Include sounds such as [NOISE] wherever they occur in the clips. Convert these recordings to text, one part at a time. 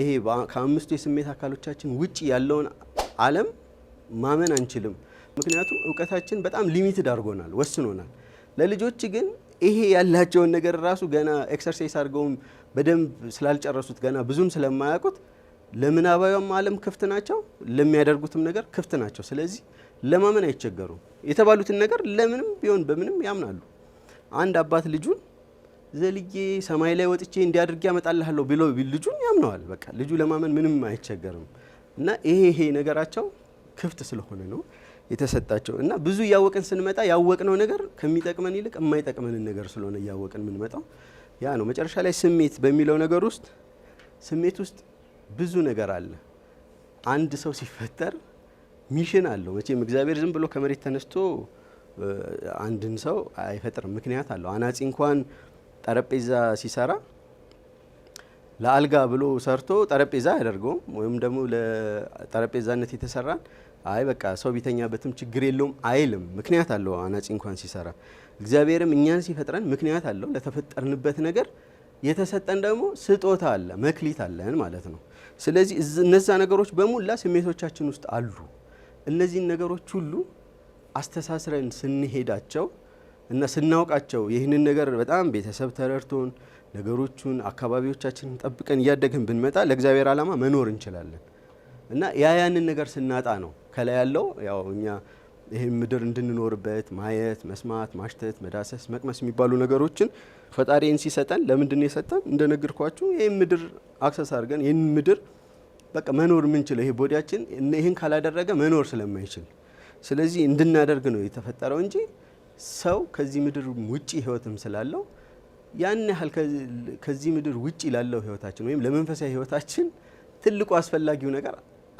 ይሄ ከአምስቱ የስሜት አካሎቻችን ውጭ ያለውን ዓለም ማመን አንችልም። ምክንያቱም እውቀታችን በጣም ሊሚትድ አድርጎናል፣ ወስኖናል። ለልጆች ግን ይሄ ያላቸውን ነገር ራሱ ገና ኤክሰርሳይዝ አድርገውም በደንብ ስላልጨረሱት ገና ብዙም ስለማያውቁት ለምናባዊም ዓለም ክፍት ናቸው፣ ለሚያደርጉትም ነገር ክፍት ናቸው። ስለዚህ ለማመን አይቸገሩም። የተባሉትን ነገር ለምንም ቢሆን በምንም ያምናሉ። አንድ አባት ልጁን ዘልዬ ሰማይ ላይ ወጥቼ እንዲያድርግ ያመጣልሃለሁ ብሎ ልጁን ያምነዋል። በቃ ልጁ ለማመን ምንም አይቸገርም። እና ይሄ ይሄ ነገራቸው ክፍት ስለሆነ ነው የተሰጣቸው እና ብዙ እያወቅን ስንመጣ ያወቅነው ነገር ከሚጠቅመን ይልቅ የማይጠቅመንን ነገር ስለሆነ እያወቅን የምንመጣው ያ ነው። መጨረሻ ላይ ስሜት በሚለው ነገር ውስጥ ስሜት ውስጥ ብዙ ነገር አለ። አንድ ሰው ሲፈጠር ሚሽን አለው። መቼም እግዚአብሔር ዝም ብሎ ከመሬት ተነስቶ አንድን ሰው አይፈጥርም፣ ምክንያት አለው። አናጺ እንኳን ጠረጴዛ ሲሰራ ለአልጋ ብሎ ሰርቶ ጠረጴዛ አያደርገውም። ወይም ደግሞ ለጠረጴዛነት የተሰራን አይ በቃ ሰው ቢተኛበትም ችግር የለውም አይልም። ምክንያት አለው አናጺ እንኳን ሲሰራ። እግዚአብሔርም እኛን ሲፈጥረን ምክንያት አለው ለተፈጠርንበት ነገር የተሰጠን ደግሞ ስጦታ አለ መክሊት አለን ማለት ነው። ስለዚህ እነዛ ነገሮች በሙላ ስሜቶቻችን ውስጥ አሉ። እነዚህን ነገሮች ሁሉ አስተሳስረን ስንሄዳቸው እና ስናውቃቸው ይህንን ነገር በጣም ቤተሰብ ተረድቶን ነገሮቹን አካባቢዎቻችንን ጠብቀን እያደግን ብንመጣ ለእግዚአብሔር ዓላማ መኖር እንችላለን። እና ያ ያንን ነገር ስናጣ ነው ከላይ ያለው ያው እኛ ይህን ምድር እንድንኖርበት ማየት፣ መስማት፣ ማሽተት፣ መዳሰስ፣ መቅመስ የሚባሉ ነገሮችን ፈጣሪን ሲሰጠን ለምንድን የሰጠን እንደነገርኳችሁ ይህን ምድር አክሰስ አድርገን ይህን ምድር በቃ መኖር የምንችለው ይሄ ቦዲያችን ይህን ካላደረገ መኖር ስለማይችል ስለዚህ እንድናደርግ ነው የተፈጠረው እንጂ ሰው ከዚህ ምድር ውጭ ህይወትም ስላለው ያን ያህል ከዚህ ምድር ውጭ ላለው ህይወታችን ወይም ለመንፈሳዊ ህይወታችን ትልቁ አስፈላጊው ነገር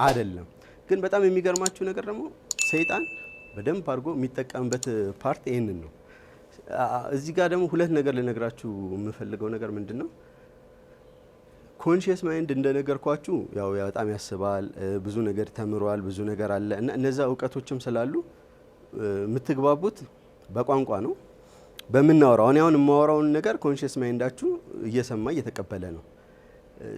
አይደለም። ግን በጣም የሚገርማችሁ ነገር ደግሞ ሰይጣን በደንብ አድርጎ የሚጠቀምበት ፓርት ይህንን ነው። እዚህ ጋር ደግሞ ሁለት ነገር ልነግራችሁ የምፈልገው ነገር ምንድን ነው? ኮንሽስ ማይንድ እንደነገርኳችሁ ያው በጣም ያስባል፣ ብዙ ነገር ተምሯል፣ ብዙ ነገር አለ እና እነዛ እውቀቶችም ስላሉ የምትግባቡት በቋንቋ ነው በምናወራው። እኔ አሁን የማወራውን ነገር ኮንሽስ ማይንዳችሁ እየሰማ እየተቀበለ ነው።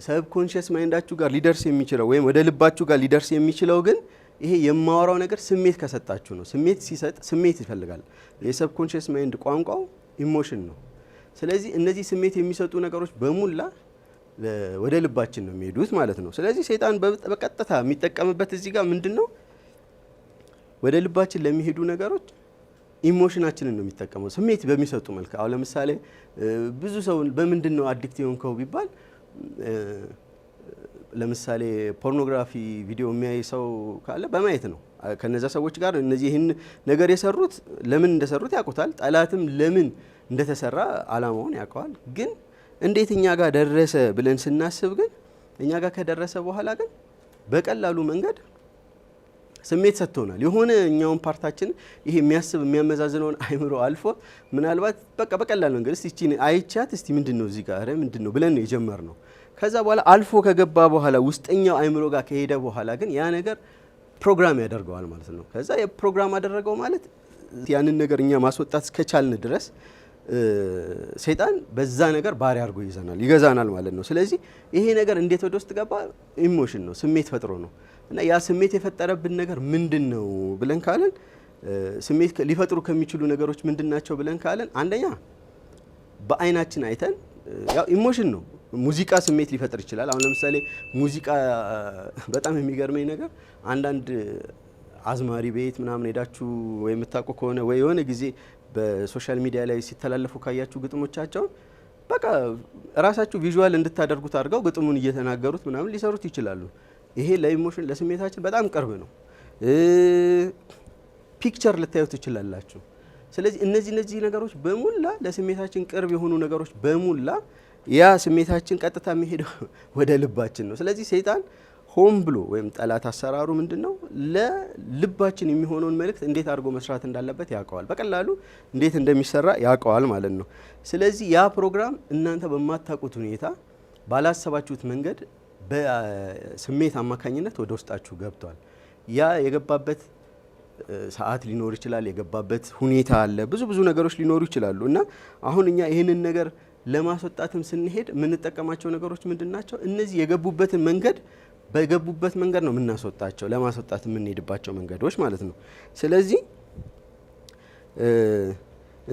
ሰብ ኮንሽስ ማይንዳችሁ ጋር ሊደርስ የሚችለው ወይም ወደ ልባችሁ ጋር ሊደርስ የሚችለው ግን ይሄ የማወራው ነገር ስሜት ከሰጣችሁ ነው። ስሜት ሲሰጥ ስሜት ይፈልጋል። የሰብ ኮንሽስ ማይንድ ቋንቋው ኢሞሽን ነው። ስለዚህ እነዚህ ስሜት የሚሰጡ ነገሮች በሙላ ወደ ልባችን ነው የሚሄዱት ማለት ነው። ስለዚህ ሰይጣን በቀጥታ የሚጠቀምበት እዚህ ጋር ምንድን ነው ወደ ልባችን ለሚሄዱ ነገሮች ኢሞሽናችንን ነው የሚጠቀመው ስሜት በሚሰጡ መልክ። አሁን ለምሳሌ ብዙ ሰው በምንድን ነው አዲክት የሆንከው ቢባል ለምሳሌ ፖርኖግራፊ ቪዲዮ የሚያይ ሰው ካለ በማየት ነው። ከነዛ ሰዎች ጋር እነዚህ ይህን ነገር የሰሩት ለምን እንደሰሩት ያውቁታል። ጠላትም ለምን እንደተሰራ አላማውን ያውቀዋል። ግን እንዴት እኛ ጋር ደረሰ ብለን ስናስብ ግን እኛ ጋር ከደረሰ በኋላ ግን በቀላሉ መንገድ ስሜት ሰጥቶናል። የሆነ እኛውን ፓርታችን ይሄ የሚያስብ የሚያመዛዝነውን አይምሮ አልፎ ምናልባት በቃ በቀላል ነገር እስቲ እቺን አይቻት እስቲ ምንድን ነው እዚህ ጋር ምንድን ነው ብለን ነው የጀመር ነው። ከዛ በኋላ አልፎ ከገባ በኋላ ውስጠኛው አይምሮ ጋር ከሄደ በኋላ ግን ያ ነገር ፕሮግራም ያደርገዋል ማለት ነው። ከዛ የፕሮግራም አደረገው ማለት ያንን ነገር እኛ ማስወጣት እስከቻልን ድረስ ሰይጣን በዛ ነገር ባሪያ አድርጎ ይዘናል፣ ይገዛናል ማለት ነው። ስለዚህ ይሄ ነገር እንዴት ወደ ውስጥ ገባ? ኢሞሽን ነው፣ ስሜት ፈጥሮ ነው እና ያ ስሜት የፈጠረብን ነገር ምንድን ነው ብለን ካለን ስሜት ሊፈጥሩ ከሚችሉ ነገሮች ምንድን ናቸው ብለን ካለን አንደኛ በአይናችን አይተን ያው ኢሞሽን ነው። ሙዚቃ ስሜት ሊፈጥር ይችላል። አሁን ለምሳሌ ሙዚቃ በጣም የሚገርመኝ ነገር አንዳንድ አዝማሪ ቤት ምናምን ሄዳችሁ ወይ የምታውቁ ከሆነ ወይ የሆነ ጊዜ በሶሻል ሚዲያ ላይ ሲተላለፉ ካያችሁ ግጥሞቻቸውን በቃ እራሳችሁ ቪዥዋል እንድታደርጉት አድርገው ግጥሙን እየተናገሩት ምናምን ሊሰሩት ይችላሉ። ይሄ ለኢሞሽን ለስሜታችን በጣም ቅርብ ነው። ፒክቸር ልታዩ ትችላላችሁ። ስለዚህ እነዚህ እነዚህ ነገሮች በሙላ ለስሜታችን ቅርብ የሆኑ ነገሮች በሙላ ያ ስሜታችን ቀጥታ የሚሄደው [LAUGHS] ወደ ልባችን ነው። ስለዚህ ሰይጣን ሆን ብሎ ወይም ጠላት አሰራሩ ምንድን ነው? ለልባችን የሚሆነውን መልእክት እንዴት አድርጎ መስራት እንዳለበት ያውቀዋል። በቀላሉ እንዴት እንደሚሰራ ያውቀዋል ማለት ነው። ስለዚህ ያ ፕሮግራም እናንተ በማታውቁት ሁኔታ ባላሰባችሁት መንገድ በስሜት አማካኝነት ወደ ውስጣችሁ ገብቷል። ያ የገባበት ሰዓት ሊኖር ይችላል። የገባበት ሁኔታ አለ። ብዙ ብዙ ነገሮች ሊኖሩ ይችላሉ እና አሁን እኛ ይህንን ነገር ለማስወጣትም ስንሄድ የምንጠቀማቸው ነገሮች ምንድን ናቸው? እነዚህ የገቡበትን መንገድ በገቡበት መንገድ ነው የምናስወጣቸው፣ ለማስወጣት የምንሄድባቸው መንገዶች ማለት ነው። ስለዚህ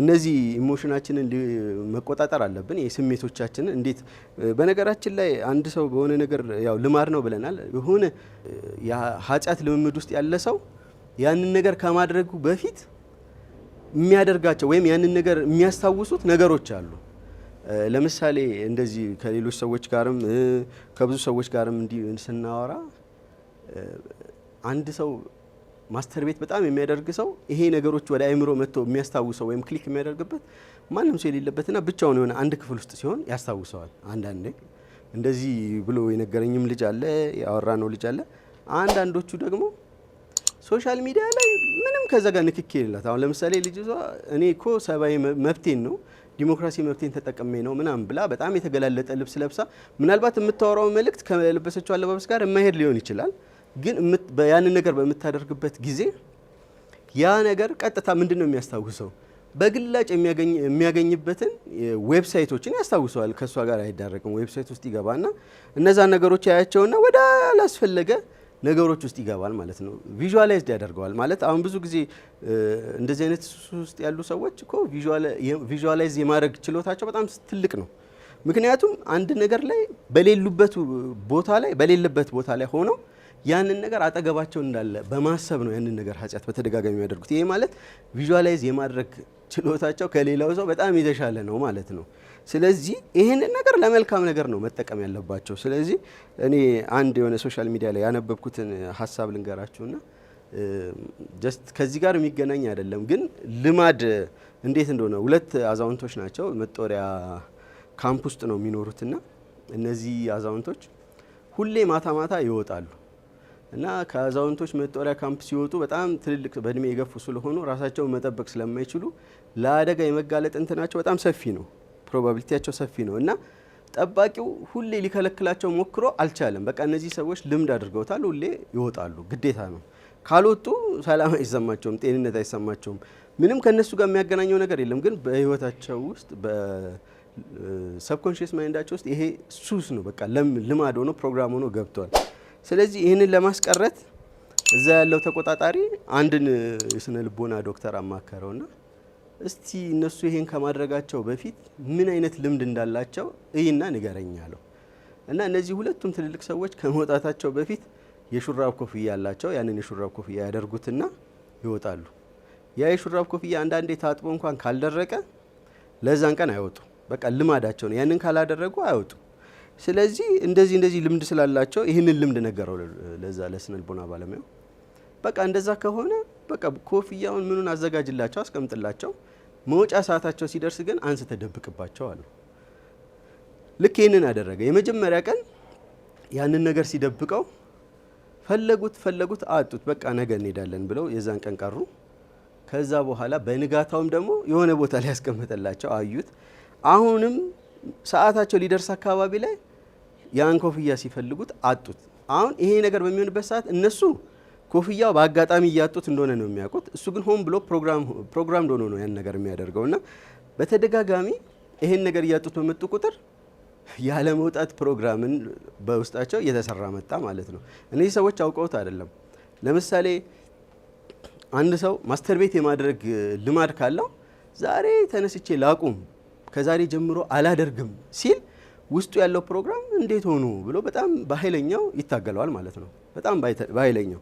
እነዚህ ኢሞሽናችንን መቆጣጠር አለብን። የስሜቶቻችንን እንዴት በነገራችን ላይ አንድ ሰው በሆነ ነገር ያው ልማድ ነው ብለናል። የሆነ ኃጢአት ልምምድ ውስጥ ያለ ሰው ያንን ነገር ከማድረጉ በፊት የሚያደርጋቸው ወይም ያንን ነገር የሚያስታውሱት ነገሮች አሉ። ለምሳሌ እንደዚህ ከሌሎች ሰዎች ጋርም ከብዙ ሰዎች ጋርም እንዲህ ስናወራ አንድ ሰው ማስተር ቤት በጣም የሚያደርግ ሰው ይሄ ነገሮች ወደ አይምሮ መጥቶ የሚያስታውሰው ወይም ክሊክ የሚያደርግበት ማንም ሰው የሌለበትና ብቻውን የሆነ አንድ ክፍል ውስጥ ሲሆን ያስታውሰዋል። አንዳንዴ እንደዚህ ብሎ የነገረኝም ልጅ አለ፣ ያወራ ነው ልጅ አለ። አንዳንዶቹ ደግሞ ሶሻል ሚዲያ ላይ ምንም ከዛ ጋር ንክኪ የሌላት አሁን ለምሳሌ ልጅ እኔ እኮ ሰብአዊ መብቴን ነው ዲሞክራሲ መብቴን ተጠቅሜ ነው ምናምን ብላ በጣም የተገላለጠ ልብስ ለብሳ ምናልባት የምታወራው መልእክት ከለበሰችው አለባበስ ጋር የማይሄድ ሊሆን ይችላል። ግን ያንን ነገር በምታደርግበት ጊዜ ያ ነገር ቀጥታ ምንድን ነው የሚያስታውሰው? በግላጭ የሚያገኝበትን ዌብሳይቶችን ያስታውሰዋል። ከእሷ ጋር አይዳረግም። ዌብሳይት ውስጥ ይገባና እነዛን ነገሮች ያያቸውና ወደ አላስፈለገ ነገሮች ውስጥ ይገባል ማለት ነው። ቪዥዋላይዝድ ያደርገዋል ማለት አሁን ብዙ ጊዜ እንደዚህ አይነት ውስጥ ያሉ ሰዎች እኮ ቪዥዋላይዝ የማድረግ ችሎታቸው በጣም ትልቅ ነው። ምክንያቱም አንድ ነገር ላይ በሌሉበት ቦታ ላይ በሌለበት ቦታ ላይ ሆነው ያንን ነገር አጠገባቸው እንዳለ በማሰብ ነው ያንን ነገር ኃጢአት በተደጋጋሚ የሚያደርጉት። ይሄ ማለት ቪዥዋላይዝ የማድረግ ችሎታቸው ከሌላው ሰው በጣም የተሻለ ነው ማለት ነው። ስለዚህ ይህንን ነገር ለመልካም ነገር ነው መጠቀም ያለባቸው። ስለዚህ እኔ አንድ የሆነ ሶሻል ሚዲያ ላይ ያነበብኩትን ሀሳብ ልንገራችሁና ጀስት ከዚህ ጋር የሚገናኝ አይደለም ግን ልማድ እንዴት እንደሆነ ሁለት አዛውንቶች ናቸው መጦሪያ ካምፕ ውስጥ ነው የሚኖሩትና እነዚህ አዛውንቶች ሁሌ ማታ ማታ ይወጣሉ። እና ከአዛውንቶች መጦሪያ ካምፕ ሲወጡ በጣም ትልልቅ በእድሜ የገፉ ስለሆኑ ራሳቸውን መጠበቅ ስለማይችሉ ለአደጋ የመጋለጥ እንትናቸው በጣም ሰፊ ነው፣ ፕሮባቢሊቲያቸው ሰፊ ነው እና ጠባቂው ሁሌ ሊከለክላቸው ሞክሮ አልቻለም። በቃ እነዚህ ሰዎች ልምድ አድርገውታል፣ ሁሌ ይወጣሉ፣ ግዴታ ነው። ካልወጡ ሰላም አይሰማቸውም፣ ጤንነት አይሰማቸውም። ምንም ከእነሱ ጋር የሚያገናኘው ነገር የለም። ግን በህይወታቸው ውስጥ በሰብኮንሽስ ማይንዳቸው ውስጥ ይሄ ሱስ ነው፣ በቃ ልማድ ሆኖ ፕሮግራም ሆኖ ገብቷል። ስለዚህ ይህንን ለማስቀረት እዛ ያለው ተቆጣጣሪ አንድን የስነ ልቦና ዶክተር አማከረውና እስቲ እነሱ ይሄን ከማድረጋቸው በፊት ምን አይነት ልምድ እንዳላቸው እይና ንገረኝ አለው እና እነዚህ ሁለቱም ትልልቅ ሰዎች ከመውጣታቸው በፊት የሹራብ ኮፍያ አላቸው። ያንን የሹራብ ኮፍያ ያደርጉትና ይወጣሉ። ያ የሹራብ ኮፍያ አንዳንዴ ታጥቦ እንኳን ካልደረቀ ለዛን ቀን አይወጡ። በቃ ልማዳቸው ነው። ያንን ካላደረጉ አይወጡ። ስለዚህ እንደዚህ እንደዚህ ልምድ ስላላቸው ይህንን ልምድ ነገረው ለዛ ለስነልቦና ባለሙያው። በቃ እንደዛ ከሆነ በቃ ኮፍያውን ምኑን አዘጋጅላቸው አስቀምጥላቸው፣ መውጫ ሰዓታቸው ሲደርስ ግን አንስ ተደብቅባቸው አሉ። ልክ ይህንን አደረገ። የመጀመሪያ ቀን ያንን ነገር ሲደብቀው ፈለጉት ፈለጉት አጡት። በቃ ነገ እንሄዳለን ብለው የዛን ቀን ቀሩ። ከዛ በኋላ በንጋታውም ደግሞ የሆነ ቦታ ላይ ያስቀመጠላቸው አዩት። አሁንም ሰዓታቸው ሊደርስ አካባቢ ላይ ያን ኮፍያ ሲፈልጉት አጡት። አሁን ይሄ ነገር በሚሆንበት ሰዓት እነሱ ኮፍያው በአጋጣሚ እያጡት እንደሆነ ነው የሚያውቁት። እሱ ግን ሆን ብሎ ፕሮግራም እንደሆነ ነው ያን ነገር የሚያደርገው እና በተደጋጋሚ ይሄን ነገር እያጡት በመጡ ቁጥር ያለመውጣት ፕሮግራምን በውስጣቸው እየተሰራ መጣ ማለት ነው። እነዚህ ሰዎች አውቀውት አይደለም። ለምሳሌ አንድ ሰው ማስተር ቤት የማድረግ ልማድ ካለው ዛሬ ተነስቼ ላቁም፣ ከዛሬ ጀምሮ አላደርግም ሲል ውስጡ ያለው ፕሮግራም እንዴት ሆኑ ብሎ በጣም በኃይለኛው ይታገለዋል ማለት ነው። በጣም በኃይለኛው።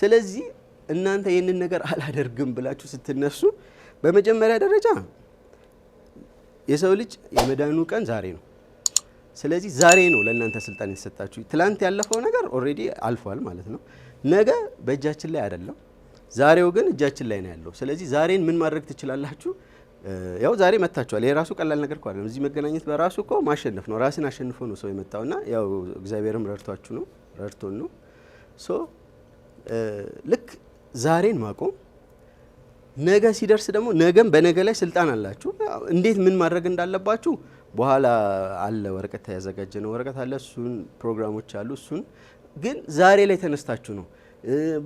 ስለዚህ እናንተ ይህንን ነገር አላደርግም ብላችሁ ስትነሱ በመጀመሪያ ደረጃ የሰው ልጅ የመዳኑ ቀን ዛሬ ነው። ስለዚህ ዛሬ ነው ለእናንተ ስልጣን የተሰጣችሁ። ትላንት ያለፈው ነገር ኦልሬዲ አልፏል ማለት ነው። ነገ በእጃችን ላይ አይደለም። ዛሬው ግን እጃችን ላይ ነው ያለው። ስለዚህ ዛሬን ምን ማድረግ ትችላላችሁ? ያው ዛሬ መታችኋል። ይሄ ራሱ ቀላል ነገር እኮ አይደለም። እዚህ መገናኘት በራሱ እኮ ማሸነፍ ነው። ራስን አሸንፎ ነው ሰው የመጣውና ያው እግዚአብሔርም ረድቷችሁ ነው ረድቶን ነው። ሶ ልክ ዛሬን ማቆም ነገ ሲደርስ ደግሞ ነገም በነገ ላይ ስልጣን አላችሁ። እንዴት ምን ማድረግ እንዳለባችሁ በኋላ አለ ወረቀት ያዘጋጀ ነው ወረቀት አለ። እሱን ፕሮግራሞች አሉ። እሱን ግን ዛሬ ላይ ተነስታችሁ ነው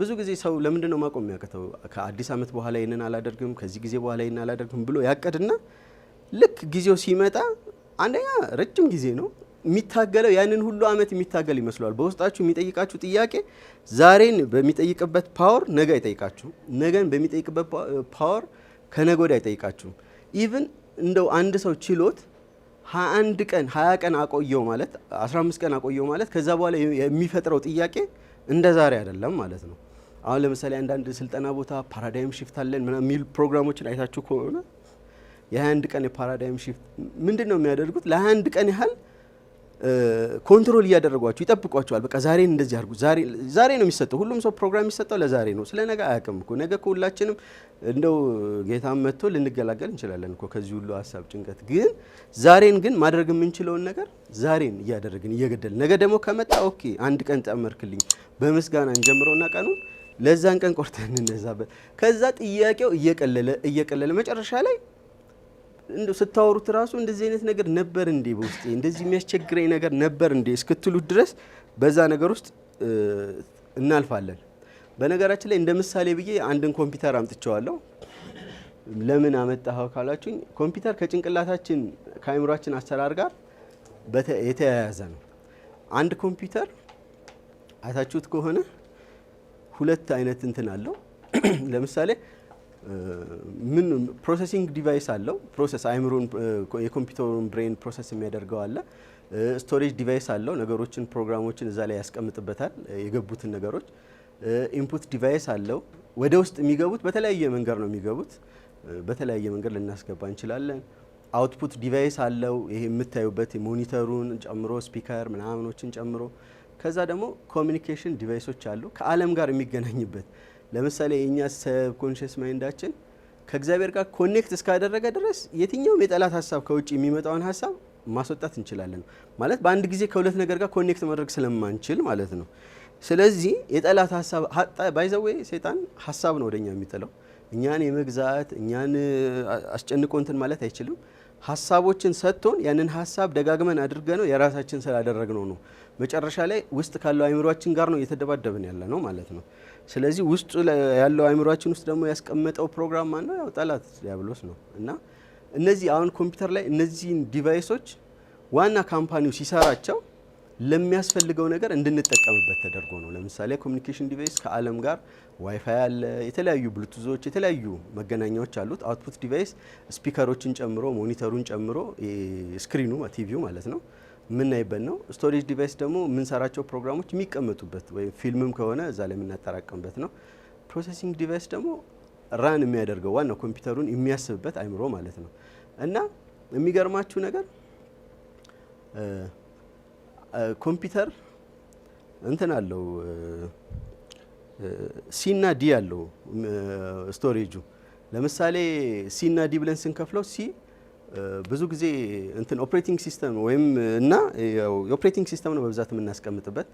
ብዙ ጊዜ ሰው ለምንድን ነው ማቆም የሚያቅተው? ከአዲስ ዓመት በኋላ ይህንን አላደርግም፣ ከዚህ ጊዜ በኋላ ይህንን አላደርግም ብሎ ያቀድና ልክ ጊዜው ሲመጣ አንደኛ ረጅም ጊዜ ነው የሚታገለው። ያንን ሁሉ ዓመት የሚታገል ይመስለዋል። በውስጣችሁ የሚጠይቃችሁ ጥያቄ ዛሬን በሚጠይቅበት ፓወር ነገ አይጠይቃችሁ፣ ነገን በሚጠይቅበት ፓወር ከነገ ወዲያ አይጠይቃችሁም። ኢቭን እንደው አንድ ሰው ችሎት 21 ቀን 20 ቀን አቆየው ማለት 15 ቀን አቆየው ማለት ከዛ በኋላ የሚፈጥረው ጥያቄ እንደ ዛሬ አይደለም ማለት ነው። አሁን ለምሳሌ አንዳንድ ስልጠና ቦታ ፓራዳይም ሽፍት አለን ምናምን የሚል ፕሮግራሞችን አይታችሁ ከሆነ የ21 ቀን የፓራዳይም ሽፍት ምንድን ነው የሚያደርጉት? ለ21 ቀን ያህል ኮንትሮል እያደረጓቸው ይጠብቋቸዋል። በቃ ዛሬን እንደዚህ አድርጉ፣ ዛሬ ነው የሚሰጠው። ሁሉም ሰው ፕሮግራም የሚሰጠው ለዛሬ ነው። ስለ ነገ አያውቅም እኮ። ነገ ከሁላችንም እንደው ጌታ መጥቶ ልንገላገል እንችላለን እኮ ከዚህ ሁሉ ሀሳብ፣ ጭንቀት። ግን ዛሬን ግን ማድረግ የምንችለውን ነገር ዛሬን እያደረግን እየገደል፣ ነገ ደግሞ ከመጣ ኦኬ አንድ ቀን ጠመርክልኝ በምስጋና እንጀምረውና ቀኑን ለዛን ቀን ቆርጠን እንነዛበት። ከዛ ጥያቄው እየቀለለ እየቀለለ መጨረሻ ላይ ስታወሩት ራሱ እንደዚህ አይነት ነገር ነበር እንዴ በውስጤ እንደዚህ የሚያስቸግረኝ ነገር ነበር እንዴ እስክትሉት ድረስ በዛ ነገር ውስጥ እናልፋለን። በነገራችን ላይ እንደ ምሳሌ ብዬ አንድን ኮምፒውተር አምጥቸዋለሁ ለምን አመጣኸው ካላችሁኝ፣ ኮምፒውተር ከጭንቅላታችን ከአይምሯችን አሰራር ጋር የተያያዘ ነው። አንድ ኮምፒውተር አይታችሁት ከሆነ ሁለት አይነት እንትን አለው። [CLEARS THROAT] ለምሳሌ ምን ፕሮሰሲንግ ዲቫይስ አለው። ፕሮሰስ አይምሮን የኮምፒውተሩን ብሬን ፕሮሰስ የሚያደርገው አለ። ስቶሬጅ ዲቫይስ አለው። ነገሮችን ፕሮግራሞችን እዛ ላይ ያስቀምጥበታል፣ የገቡትን ነገሮች። ኢንፑት ዲቫይስ አለው። ወደ ውስጥ የሚገቡት በተለያየ መንገድ ነው የሚገቡት። በተለያየ መንገድ ልናስገባ እንችላለን። አውትፑት ዲቫይስ አለው። ይሄ የምታዩበት ሞኒተሩን ጨምሮ ስፒከር ምናምኖችን ጨምሮ ከዛ ደግሞ ኮሚኒኬሽን ዲቫይሶች አሉ ከአለም ጋር የሚገናኝበት ለምሳሌ የእኛ ሰብኮንሽስ ማይንዳችን ከእግዚአብሔር ጋር ኮኔክት እስካደረገ ድረስ የትኛውም የጠላት ሀሳብ ከውጭ የሚመጣውን ሀሳብ ማስወጣት እንችላለን። ማለት በአንድ ጊዜ ከሁለት ነገር ጋር ኮኔክት ማድረግ ስለማንችል ማለት ነው። ስለዚህ የጠላት ሀሳብ ባይዘዌ ሰይጣን ሀሳብ ነው ወደኛ የሚጥለው። እኛን የመግዛት እኛን አስጨንቆ እንትን ማለት አይችልም። ሀሳቦችን ሰጥቶን ያንን ሀሳብ ደጋግመን አድርገ ነው የራሳችን ስላደረግነው ነው መጨረሻ ላይ ውስጥ ካለው አይምሯችን ጋር ነው እየተደባደብን ያለ ነው ማለት ነው። ስለዚህ ውስጡ ያለው አይምሯችን ውስጥ ደግሞ ያስቀመጠው ፕሮግራም ማን ነው? ያው ጠላት ዲያብሎስ ነው እና እነዚህ አሁን ኮምፒውተር ላይ እነዚህን ዲቫይሶች ዋና ካምፓኒው ሲሰራቸው ለሚያስፈልገው ነገር እንድንጠቀምበት ተደርጎ ነው። ለምሳሌ ኮሚኒኬሽን ዲቫይስ ከዓለም ጋር ዋይፋይ አለ፣ የተለያዩ ብሉቱዞች፣ የተለያዩ መገናኛዎች አሉት። አውትፑት ዲቫይስ ስፒከሮችን ጨምሮ ሞኒተሩን ጨምሮ ስክሪኑ ቲቪው ማለት ነው የምናይበት ነው። ስቶሬጅ ዲቫይስ ደግሞ የምንሰራቸው ፕሮግራሞች የሚቀመጡበት ወይም ፊልምም ከሆነ እዛ ላይ የምናጠራቀምበት ነው። ፕሮሰሲንግ ዲቫይስ ደግሞ ራን የሚያደርገው ዋና ኮምፒውተሩን የሚያስብበት አይምሮ ማለት ነው። እና የሚገርማችሁ ነገር ኮምፒውተር እንትን አለው ሲና ዲ አለው ስቶሬጁ። ለምሳሌ ሲና ዲ ብለን ስንከፍለው ሲ ብዙ ጊዜ እንትን ኦፕሬቲንግ ሲስተም ወይም እና የኦፕሬቲንግ ሲስተም ነው በብዛት የምናስቀምጥበት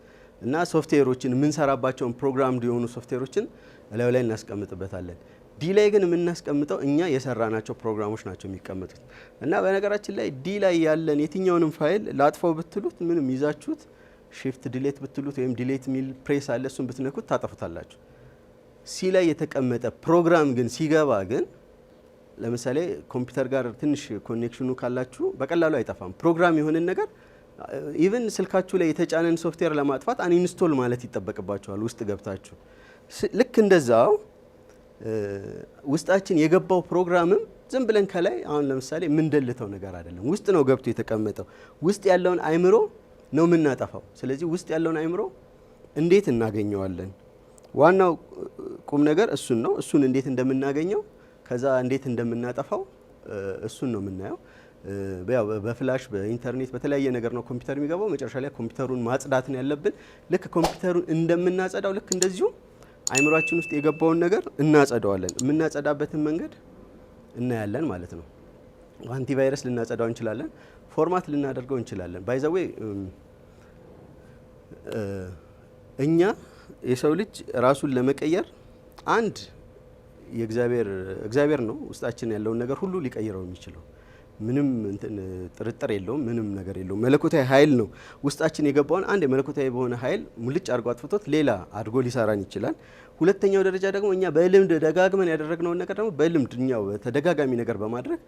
እና ሶፍትዌሮችን የምንሰራባቸውን ፕሮግራም የሆኑ ሶፍትዌሮችን እላዩ ላይ እናስቀምጥበታለን። ዲ ላይ ግን የምናስቀምጠው እኛ የሰራናቸው ፕሮግራሞች ናቸው የሚቀመጡት። እና በነገራችን ላይ ዲ ላይ ያለን የትኛውንም ፋይል ላጥፈው ብትሉት ምንም ይዛችሁት ሺፍት ዲሌት ብትሉት ወይም ዲሌት ሚል ፕሬስ አለ እሱን ብትነኩት ታጠፉታላችሁ። ሲ ላይ የተቀመጠ ፕሮግራም ግን ሲገባ ግን ለምሳሌ ኮምፒውተር ጋር ትንሽ ኮኔክሽኑ ካላችሁ በቀላሉ አይጠፋም። ፕሮግራም የሆንን ነገር ኢቨን ስልካችሁ ላይ የተጫነን ሶፍትዌር ለማጥፋት አንኢንስቶል ማለት ይጠበቅባችኋል ውስጥ ገብታችሁ። ልክ እንደዛው ውስጣችን የገባው ፕሮግራምም ዝም ብለን ከላይ አሁን ለምሳሌ የምንደልተው ነገር አይደለም። ውስጥ ነው ገብቶ የተቀመጠው። ውስጥ ያለውን አይምሮ ነው የምናጠፋው። ስለዚህ ውስጥ ያለውን አይምሮ እንዴት እናገኘዋለን? ዋናው ቁም ነገር እሱን ነው። እሱን እንዴት እንደምናገኘው ከዛ እንዴት እንደምናጠፋው እሱን ነው የምናየው። በፍላሽ በኢንተርኔት በተለያየ ነገር ነው ኮምፒውተር የሚገባው። መጨረሻ ላይ ኮምፒውተሩን ማጽዳት ነው ያለብን። ልክ ኮምፒውተሩን እንደምናጸዳው ልክ እንደዚሁ አይምሯችን ውስጥ የገባውን ነገር እናጸዳዋለን። የምናጸዳበትን መንገድ እናያለን ማለት ነው። አንቲቫይረስ ልናጸዳው እንችላለን። ፎርማት ልናደርገው እንችላለን። ባይዘዌ እኛ የሰው ልጅ ራሱን ለመቀየር አንድ እግዚአብሔር ነው ውስጣችን ያለውን ነገር ሁሉ ሊቀይረው የሚችለው ምንም ጥርጥር የለውም። ምንም ነገር የለውም። መለኮታዊ ኃይል ነው ውስጣችን የገባውን አንድ የመለኮታዊ በሆነ ኃይል ሙልጭ አድርጎ አጥፍቶት ሌላ አድርጎ ሊሰራን ይችላል። ሁለተኛው ደረጃ ደግሞ እኛ በልምድ ደጋግመን ያደረግነውን ነገር ደግሞ በልምድ እኛው በተደጋጋሚ ነገር በማድረግ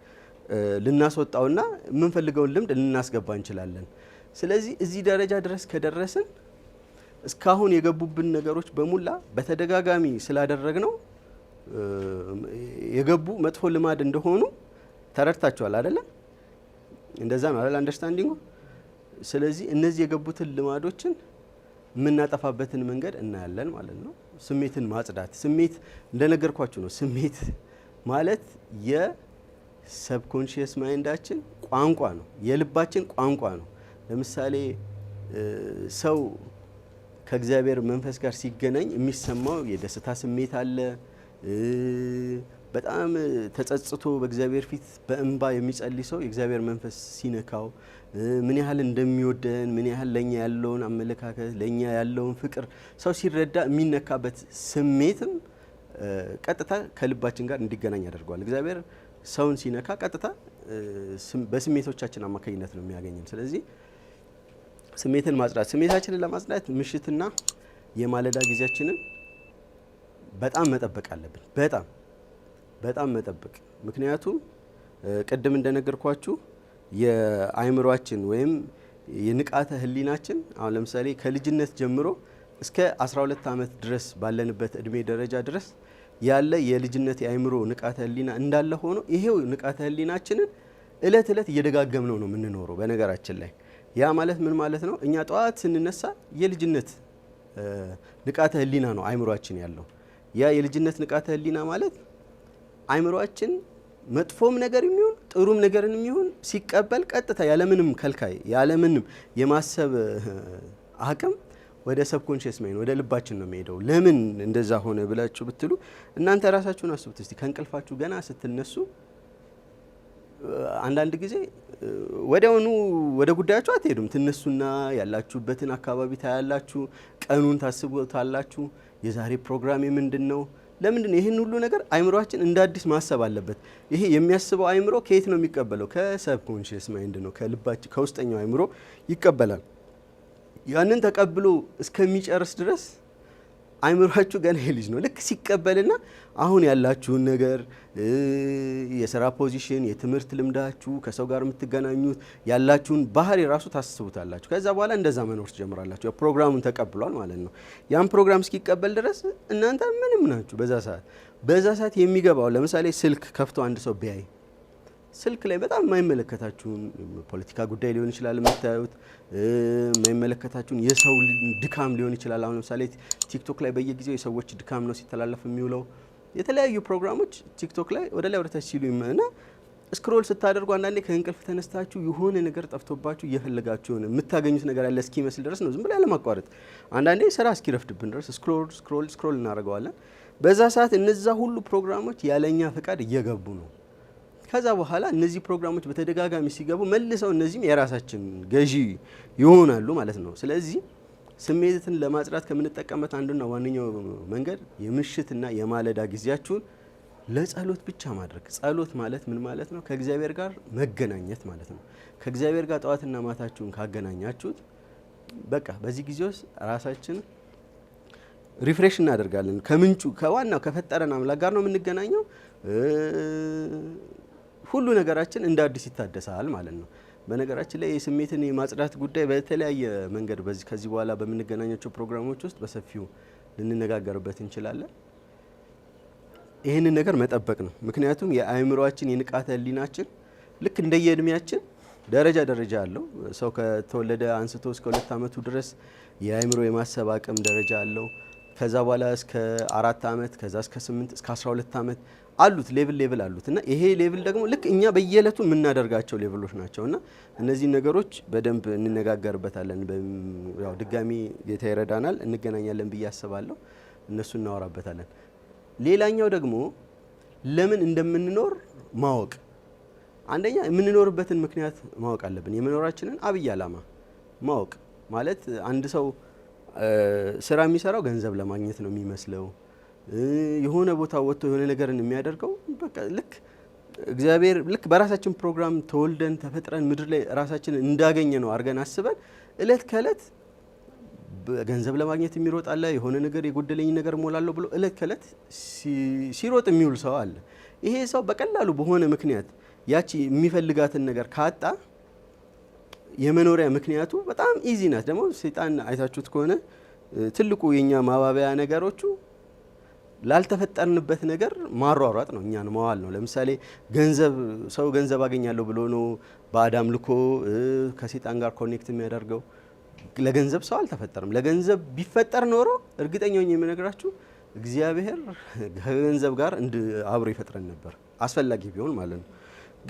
ልናስወጣውና የምንፈልገውን ልምድ ልናስገባ እንችላለን። ስለዚህ እዚህ ደረጃ ድረስ ከደረስን እስካሁን የገቡብን ነገሮች በሙላ በተደጋጋሚ ስላደረግ ነው የገቡ መጥፎ ልማድ እንደሆኑ ተረድታቸዋል አይደለም? እንደዛ ነው አይደል አንደርስታንዲንጉ። ስለዚህ እነዚህ የገቡትን ልማዶችን የምናጠፋበትን መንገድ እናያለን ማለት ነው። ስሜትን ማጽዳት። ስሜት እንደነገርኳችሁ ነው። ስሜት ማለት የሰብኮንሽየስ ማይንዳችን ቋንቋ ነው፣ የልባችን ቋንቋ ነው። ለምሳሌ ሰው ከእግዚአብሔር መንፈስ ጋር ሲገናኝ የሚሰማው የደስታ ስሜት አለ በጣም ተጸጽቶ በእግዚአብሔር ፊት በእንባ የሚጸልይ ሰው የእግዚአብሔር መንፈስ ሲነካው ምን ያህል እንደሚወደን ምን ያህል ለእኛ ያለውን አመለካከት ለእኛ ያለውን ፍቅር ሰው ሲረዳ የሚነካበት ስሜትም ቀጥታ ከልባችን ጋር እንዲገናኝ ያደርገዋል። እግዚአብሔር ሰውን ሲነካ ቀጥታ በስሜቶቻችን አማካኝነት ነው የሚያገኘን። ስለዚህ ስሜትን ማጽዳት ስሜታችንን ለማጽዳት ምሽትና የማለዳ ጊዜያችንን በጣም መጠበቅ አለብን። በጣም በጣም መጠበቅ ምክንያቱም ቅድም እንደነገርኳችሁ የአእምሯችን ወይም የንቃተ ህሊናችን አሁን ለምሳሌ ከልጅነት ጀምሮ እስከ 12 ዓመት ድረስ ባለንበት እድሜ ደረጃ ድረስ ያለ የልጅነት የአእምሮ ንቃተ ህሊና እንዳለ ሆኖ ይሄው ንቃተ ህሊናችንን እለት እለት እየደጋገምነው ነው የምንኖረው። በነገራችን ላይ ያ ማለት ምን ማለት ነው? እኛ ጠዋት ስንነሳ የልጅነት ንቃተ ህሊና ነው አእምሯችን ያለው። ያ የልጅነት ንቃተ ህሊና ማለት አይምሯችን መጥፎም ነገር የሚሆን ጥሩም ነገርን የሚሆን ሲቀበል ቀጥታ ያለምንም ከልካይ ያለምንም የማሰብ አቅም ወደ ሰብኮንሽስ ማይን ወደ ልባችን ነው የሚሄደው። ለምን እንደዛ ሆነ ብላችሁ ብትሉ እናንተ ራሳችሁን አስቡት እስቲ። ከእንቅልፋችሁ ገና ስትነሱ አንዳንድ ጊዜ ወዲያውኑ ወደ ጉዳያችሁ አትሄዱም። ትነሱና ያላችሁበትን አካባቢ ታያላችሁ፣ ቀኑን ታስቡታላችሁ። የዛሬ ፕሮግራሜ ምንድን ነው? ለምንድን ይህን ሁሉ ነገር አይምሮችን እንደ አዲስ ማሰብ አለበት። ይሄ የሚያስበው አይምሮ ከየት ነው የሚቀበለው? ከሰብኮንሽስ ማይንድ ነው፣ ከልባችን ከውስጠኛው አይምሮ ይቀበላል። ያንን ተቀብሎ እስከሚጨርስ ድረስ አይምሯችሁ ገና ልጅ ነው። ልክ ሲቀበልና አሁን ያላችሁን ነገር የስራ ፖዚሽን፣ የትምህርት ልምዳችሁ፣ ከሰው ጋር የምትገናኙት ያላችሁን ባህሪ ራሱ ታስቡታላችሁ። ከዛ በኋላ እንደዛ መኖር ትጀምራላችሁ። ፕሮግራሙን ተቀብሏል ማለት ነው። ያን ፕሮግራም እስኪቀበል ድረስ እናንተ ምንም ናችሁ። በዛ ሰዓት በዛ ሰዓት የሚገባው ለምሳሌ ስልክ ከፍቶ አንድ ሰው ቢያይ ስልክ ላይ በጣም የማይመለከታችሁን ፖለቲካ ጉዳይ ሊሆን ይችላል የምታዩት፣ የማይመለከታችሁን የሰው ድካም ሊሆን ይችላል። አሁን ለምሳሌ ቲክቶክ ላይ በየጊዜው የሰዎች ድካም ነው ሲተላለፍ የሚውለው። የተለያዩ ፕሮግራሞች ቲክቶክ ላይ ወደ ላይ ሲሉ ይመና ስክሮል ስታደርጉ አንዳንዴ ከእንቅልፍ ተነስታችሁ የሆነ ነገር ጠፍቶባችሁ እየፈለጋችሁ የሆነ የምታገኙት ነገር ያለ እስኪመስል ድረስ ነው ዝም ብላ ለማቋረጥ አንዳንዴ ስራ እስኪረፍድብን ድረስ ስክሮል ስክሮል ስክሮል እናደርገዋለን። በዛ ሰዓት እነዛ ሁሉ ፕሮግራሞች ያለኛ ፈቃድ እየገቡ ነው ከዛ በኋላ እነዚህ ፕሮግራሞች በተደጋጋሚ ሲገቡ መልሰው እነዚህም የራሳችን ገዢ ይሆናሉ ማለት ነው። ስለዚህ ስሜትን ለማጽዳት ከምንጠቀምበት አንዱና ዋነኛው መንገድ የምሽትና የማለዳ ጊዜያችሁን ለጸሎት ብቻ ማድረግ። ጸሎት ማለት ምን ማለት ነው? ከእግዚአብሔር ጋር መገናኘት ማለት ነው። ከእግዚአብሔር ጋር ጠዋትና ማታችሁን ካገናኛችሁት በቃ በዚህ ጊዜ ውስጥ ራሳችን ሪፍሬሽ እናደርጋለን። ከምንጩ ከዋናው ከፈጠረን አምላክ ጋር ነው የምንገናኘው። ሁሉ ነገራችን እንደ አዲስ ይታደሳል ማለት ነው። በነገራችን ላይ የስሜትን የማጽዳት ጉዳይ በተለያየ መንገድ በዚህ ከዚህ በኋላ በምንገናኛቸው ፕሮግራሞች ውስጥ በሰፊው ልንነጋገርበት እንችላለን። ይህንን ነገር መጠበቅ ነው። ምክንያቱም የአእምሯችን የንቃተ ህሊናችን ልክ እንደየእድሜያችን ደረጃ ደረጃ አለው። ሰው ከተወለደ አንስቶ እስከ ሁለት ዓመቱ ድረስ የአእምሮ የማሰብ አቅም ደረጃ አለው። ከዛ በኋላ እስከ አራት ዓመት ከዛ እስከ ስምንት እስከ አስራ ሁለት ዓመት አሉት ሌብል ሌብል አሉት እና ይሄ ሌብል ደግሞ ልክ እኛ በየዕለቱ የምናደርጋቸው ሌብሎች ናቸው እና እነዚህ ነገሮች በደንብ እንነጋገርበታለን። ያው ድጋሚ ጌታ ይረዳናል እንገናኛለን ብዬ አስባለሁ። እነሱ እናወራበታለን። ሌላኛው ደግሞ ለምን እንደምንኖር ማወቅ፣ አንደኛ የምንኖርበትን ምክንያት ማወቅ አለብን። የመኖራችንን አብይ ዓላማ ማወቅ ማለት አንድ ሰው ስራ የሚሰራው ገንዘብ ለማግኘት ነው የሚመስለው የሆነ ቦታ ወጥቶ የሆነ ነገርን የሚያደርገው በቃ ልክ እግዚአብሔር ልክ በራሳችን ፕሮግራም ተወልደን ተፈጥረን ምድር ላይ ራሳችን እንዳገኘ ነው አድርገን አስበን እለት ከእለት ገንዘብ ለማግኘት የሚሮጥ አለ። የሆነ ነገር የጎደለኝ ነገር ሞላለሁ ብሎ እለት ከእለት ሲሮጥ የሚውል ሰው አለ። ይሄ ሰው በቀላሉ በሆነ ምክንያት ያቺ የሚፈልጋትን ነገር ካጣ የመኖሪያ ምክንያቱ በጣም ኢዚ ናት። ደግሞ ሰይጣን አይታችሁት ከሆነ ትልቁ የኛ ማባቢያ ነገሮቹ ላልተፈጠርንበት ነገር ማሯሯጥ ነው፣ እኛን መዋል ነው። ለምሳሌ ገንዘብ ሰው ገንዘብ አገኛለሁ ብሎ ነው በአዳም ልኮ ከሴጣን ጋር ኮኔክት የሚያደርገው። ለገንዘብ ሰው አልተፈጠርም። ለገንዘብ ቢፈጠር ኖሮ እርግጠኛ ነኝ የምነግራችሁ እግዚአብሔር ከገንዘብ ጋር አብሮ ይፈጥረን ነበር፣ አስፈላጊ ቢሆን ማለት ነው።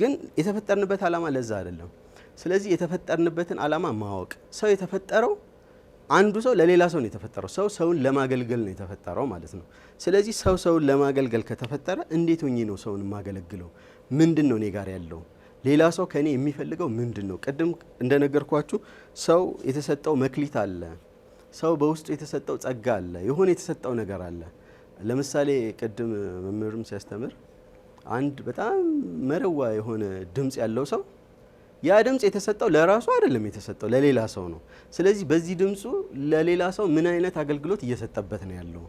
ግን የተፈጠርንበት ዓላማ ለዛ አይደለም። ስለዚህ የተፈጠርንበትን ዓላማ ማወቅ ሰው የተፈጠረው አንዱ ሰው ለሌላ ሰው ነው የተፈጠረው። ሰው ሰውን ለማገልገል ነው የተፈጠረው ማለት ነው። ስለዚህ ሰው ሰውን ለማገልገል ከተፈጠረ እንዴት ሆኜ ነው ሰውን የማገለግለው? ምንድን ነው እኔ ጋር ያለው? ሌላ ሰው ከእኔ የሚፈልገው ምንድን ነው? ቅድም እንደነገርኳችሁ ሰው የተሰጠው መክሊት አለ። ሰው በውስጡ የተሰጠው ጸጋ አለ። የሆነ የተሰጠው ነገር አለ። ለምሳሌ ቅድም መምህርም ሲያስተምር አንድ በጣም መረዋ የሆነ ድምፅ ያለው ሰው ያ ድምፅ የተሰጠው ለራሱ አይደለም፣ የተሰጠው ለሌላ ሰው ነው። ስለዚህ በዚህ ድምፁ ለሌላ ሰው ምን አይነት አገልግሎት እየሰጠበት ነው ያለው?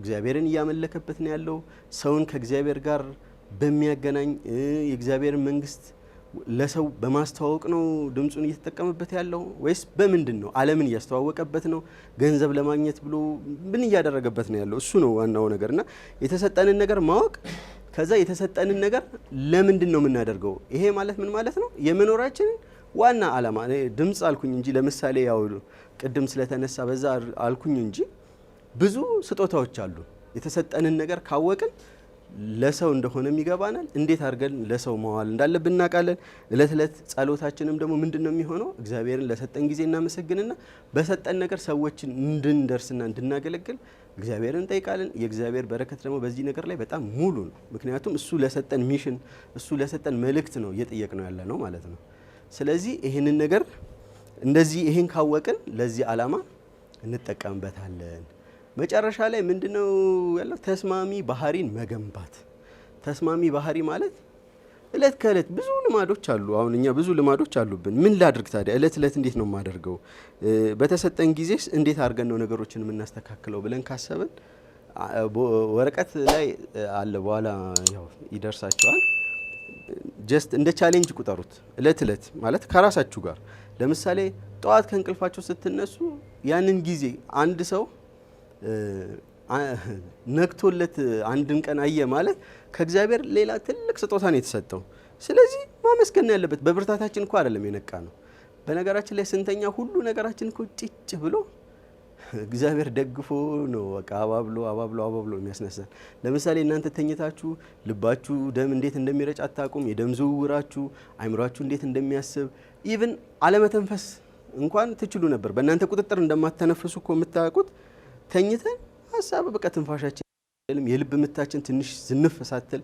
እግዚአብሔርን እያመለከበት ነው ያለው። ሰውን ከእግዚአብሔር ጋር በሚያገናኝ የእግዚአብሔር መንግስት ለሰው በማስተዋወቅ ነው ድምፁን እየተጠቀመበት ያለው ወይስ በምንድን ነው? ዓለምን እያስተዋወቀበት ነው? ገንዘብ ለማግኘት ብሎ ምን እያደረገበት ነው ያለው? እሱ ነው ዋናው ነገር እና የተሰጠንን ነገር ማወቅ ከዛ የተሰጠንን ነገር ለምንድን ነው የምናደርገው? ይሄ ማለት ምን ማለት ነው? የመኖራችንን ዋና ዓላማ ድምፅ አልኩኝ እንጂ ለምሳሌ ያው ቅድም ስለተነሳ በዛ አልኩኝ እንጂ ብዙ ስጦታዎች አሉ። የተሰጠንን ነገር ካወቅን ለሰው እንደሆነም ይገባናል። እንዴት አድርገን ለሰው መዋል እንዳለብን እናውቃለን። እለት እለት ጸሎታችንም ደግሞ ምንድን ነው የሚሆነው? እግዚአብሔርን ለሰጠን ጊዜ እናመሰግንና በሰጠን ነገር ሰዎችን እንድንደርስና እንድናገለግል እግዚአብሔርን እንጠይቃለን። የእግዚአብሔር በረከት ደግሞ በዚህ ነገር ላይ በጣም ሙሉ ነው። ምክንያቱም እሱ ለሰጠን ሚሽን፣ እሱ ለሰጠን መልእክት ነው እየጠየቅ ነው ያለ ነው ማለት ነው። ስለዚህ ይህንን ነገር እንደዚህ ይህን ካወቅን ለዚህ ዓላማ እንጠቀምበታለን። መጨረሻ ላይ ምንድነው ያለው? ተስማሚ ባህሪን መገንባት። ተስማሚ ባህሪ ማለት እለት ከእለት ብዙ ልማዶች አሉ። አሁን እኛ ብዙ ልማዶች አሉብን። ምን ላድርግ ታዲያ? እለት እለት እንዴት ነው የማደርገው? በተሰጠን ጊዜስ እንዴት አድርገን ነው ነገሮችን የምናስተካክለው ብለን ካሰብን ወረቀት ላይ አለ፣ በኋላ ያው ይደርሳቸዋል። ጀስት እንደ ቻሌንጅ ቁጠሩት። እለት እለት ማለት ከራሳችሁ ጋር ለምሳሌ ጠዋት ከእንቅልፋቸው ስትነሱ ያንን ጊዜ አንድ ሰው ነግቶለት አንድን ቀን አየ ማለት ከእግዚአብሔር ሌላ ትልቅ ስጦታ ነው የተሰጠው። ስለዚህ ማመስገን ያለበት በብርታታችን እኮ አይደለም የነቃ ነው። በነገራችን ላይ ስንተኛ ሁሉ ነገራችን እኮ ጭጭ ብሎ እግዚአብሔር ደግፎ ነው በቃ አባብሎ አባብሎ አባብሎ የሚያስነሳል። ለምሳሌ እናንተ ተኝታችሁ ልባችሁ ደም እንዴት እንደሚረጭ አታውቁም። የደም ዝውውራችሁ፣ አይምሯችሁ እንዴት እንደሚያስብ ኢቭን አለመተንፈስ እንኳን ትችሉ ነበር። በእናንተ ቁጥጥር እንደማተነፍሱ እኮ የምታውቁት ተኝተን ሀሳብ በቃ ትንፋሻችን የልብ ምታችን ትንሽ ዝንፍ ሳትል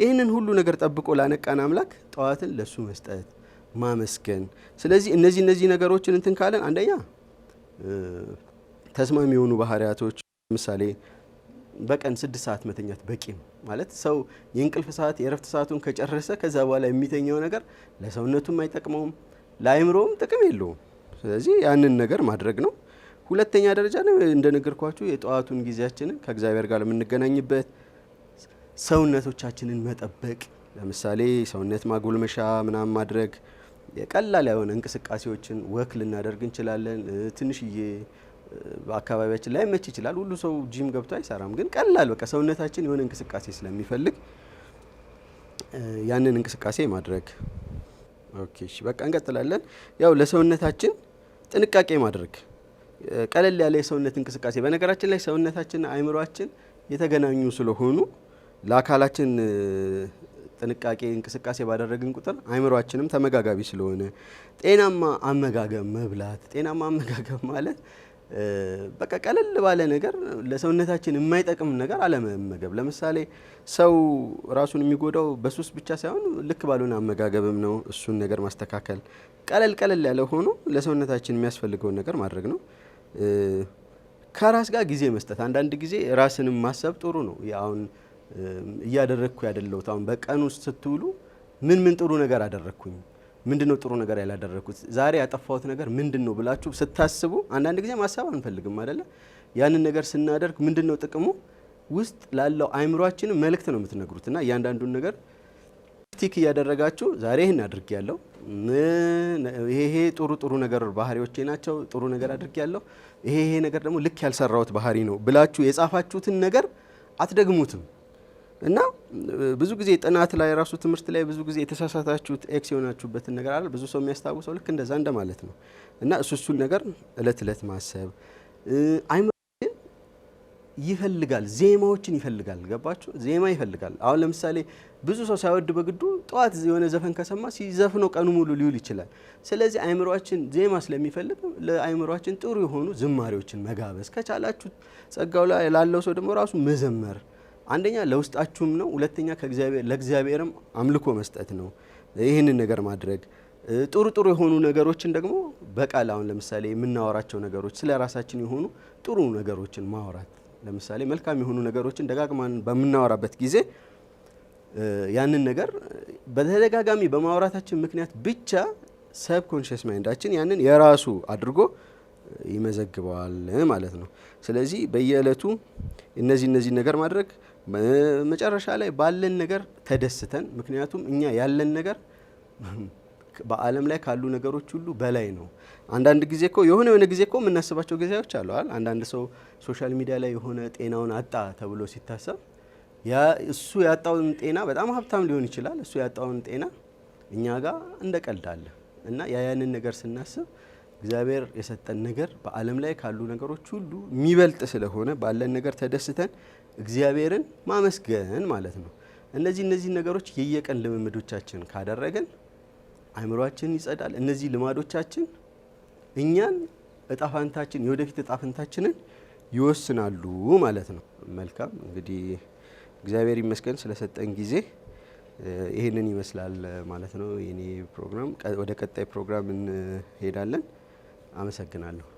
ይህንን ሁሉ ነገር ጠብቆ ላነቃን አምላክ ጠዋትን ለሱ መስጠት ማመስገን። ስለዚህ እነዚህ እነዚህ ነገሮችን እንትን ካለን አንደኛ ተስማሚ የሆኑ ባህሪያቶች ምሳሌ በቀን ስድስት ሰዓት መተኛት በቂ ነው ማለት ሰው የእንቅልፍ ሰዓት የእረፍት ሰዓቱን ከጨረሰ ከዛ በኋላ የሚተኘው ነገር ለሰውነቱም አይጠቅመውም፣ ለአይምሮውም ጥቅም የለውም። ስለዚህ ያንን ነገር ማድረግ ነው። ሁለተኛ ደረጃ ነው እንደነገርኳችሁ የጠዋቱን ጊዜያችንን ከእግዚአብሔር ጋር የምንገናኝበት ሰውነቶቻችንን መጠበቅ፣ ለምሳሌ ሰውነት ማጎልመሻ ምናምን ማድረግ፣ የቀላል የሆነ እንቅስቃሴዎችን ወክ ልናደርግ እንችላለን። ትንሽዬ በአካባቢያችን ላይ መች ይችላል። ሁሉ ሰው ጂም ገብቶ አይሰራም፣ ግን ቀላል በቃ ሰውነታችን የሆነ እንቅስቃሴ ስለሚፈልግ ያንን እንቅስቃሴ ማድረግ። ኦኬ፣ በቃ እንቀጥላለን። ያው ለሰውነታችን ጥንቃቄ ማድረግ ቀለል ያለ የሰውነት እንቅስቃሴ በነገራችን ላይ ሰውነታችን አይምሯችን የተገናኙ ስለሆኑ ለአካላችን ጥንቃቄ እንቅስቃሴ ባደረግን ቁጥር አይምሯችንም ተመጋጋቢ ስለሆነ ጤናማ አመጋገብ መብላት። ጤናማ አመጋገብ ማለት በቃ ቀለል ባለ ነገር ለሰውነታችን የማይጠቅም ነገር አለመመገብ። ለምሳሌ ሰው ራሱን የሚጎዳው በሱስ ብቻ ሳይሆን ልክ ባልሆነ አመጋገብም ነው። እሱን ነገር ማስተካከል ቀለል ቀለል ያለ ሆኖ ለሰውነታችን የሚያስፈልገውን ነገር ማድረግ ነው። ከራስ ጋር ጊዜ መስጠት። አንዳንድ ጊዜ ራስንም ማሰብ ጥሩ ነው። አሁን እያደረግኩ ያደለሁት አሁን በቀኑ ስትውሉ ምን ምን ጥሩ ነገር አደረግኩኝ፣ ምንድን ነው ጥሩ ነገር ያላደረግኩት፣ ዛሬ ያጠፋሁት ነገር ምንድን ነው ብላችሁ ስታስቡ፣ አንዳንድ ጊዜ ማሰብ አንፈልግም አደለ? ያንን ነገር ስናደርግ ምንድን ነው ጥቅሙ ውስጥ ላለው አይምሯችንም መልእክት ነው የምትነግሩት እና እያንዳንዱን ነገር ቲክ እያደረጋችሁ ዛሬ ይህን አድርግ ያለው ይሄ ጥሩ ጥሩ ነገር ባህሪዎቼ ናቸው፣ ጥሩ ነገር አድርግ ያለው ይሄ ይሄ ነገር ደግሞ ልክ ያልሰራሁት ባህሪ ነው ብላችሁ የጻፋችሁትን ነገር አትደግሙትም። እና ብዙ ጊዜ ጥናት ላይ ራሱ ትምህርት ላይ ብዙ ጊዜ የተሳሳታችሁት ኤክስ የሆናችሁበትን ነገር አለ ብዙ ሰው የሚያስታውሰው ልክ እንደዛ እንደማለት ነው። እና እሱ እሱን ነገር እለት እለት ማሰብ ይፈልጋል፣ ዜማዎችን ይፈልጋል። ገባችሁ? ዜማ ይፈልጋል። አሁን ለምሳሌ ብዙ ሰው ሳይወድ በግዱ ጠዋት የሆነ ዘፈን ከሰማ ሲዘፍነው ቀኑ ሙሉ ሊውል ይችላል። ስለዚህ አይምሯችን ዜማ ስለሚፈልግ ለአይምሯችን ጥሩ የሆኑ ዝማሬዎችን መጋበዝ ከቻላችሁ፣ ጸጋው ላይ ላለው ሰው ደግሞ ራሱ መዘመር አንደኛ ለውስጣችሁም ነው፣ ሁለተኛ ለእግዚአብሔርም አምልኮ መስጠት ነው። ይህንን ነገር ማድረግ ጥሩ ጥሩ የሆኑ ነገሮችን ደግሞ በቃል አሁን ለምሳሌ የምናወራቸው ነገሮች ስለ ራሳችን የሆኑ ጥሩ ነገሮችን ማውራት ለምሳሌ መልካም የሆኑ ነገሮችን ደጋግማን በምናወራበት ጊዜ ያንን ነገር በተደጋጋሚ በማውራታችን ምክንያት ብቻ ሰብ ኮንሽስ ማይንዳችን ያንን የራሱ አድርጎ ይመዘግበዋል ማለት ነው። ስለዚህ በየዕለቱ እነዚህ እነዚህ ነገር ማድረግ መጨረሻ ላይ ባለን ነገር ተደስተን ምክንያቱም እኛ ያለን ነገር በዓለም ላይ ካሉ ነገሮች ሁሉ በላይ ነው። አንዳንድ ጊዜ እኮ የሆነ የሆነ ጊዜ እኮ የምናስባቸው ጊዜዎች አለዋል። አንዳንድ ሰው ሶሻል ሚዲያ ላይ የሆነ ጤናውን አጣ ተብሎ ሲታሰብ ያ እሱ ያጣውን ጤና በጣም ሀብታም ሊሆን ይችላል። እሱ ያጣውን ጤና እኛ ጋር እንደቀልዳለ እና ያ ያንን ነገር ስናስብ እግዚአብሔር የሰጠን ነገር በዓለም ላይ ካሉ ነገሮች ሁሉ የሚበልጥ ስለሆነ ባለን ነገር ተደስተን እግዚአብሔርን ማመስገን ማለት ነው። እነዚህ እነዚህ ነገሮች የየቀን ልምምዶቻችን ካደረግን አይምሯችን ይጸዳል። እነዚህ ልማዶቻችን እኛን እጣፋንታችን የወደፊት እጣፍንታችንን ይወስናሉ ማለት ነው። መልካም እንግዲህ እግዚአብሔር ይመስገን ስለሰጠን ጊዜ ይህንን ይመስላል ማለት ነው የኔ ፕሮግራም። ወደ ቀጣይ ፕሮግራም እንሄዳለን። አመሰግናለሁ።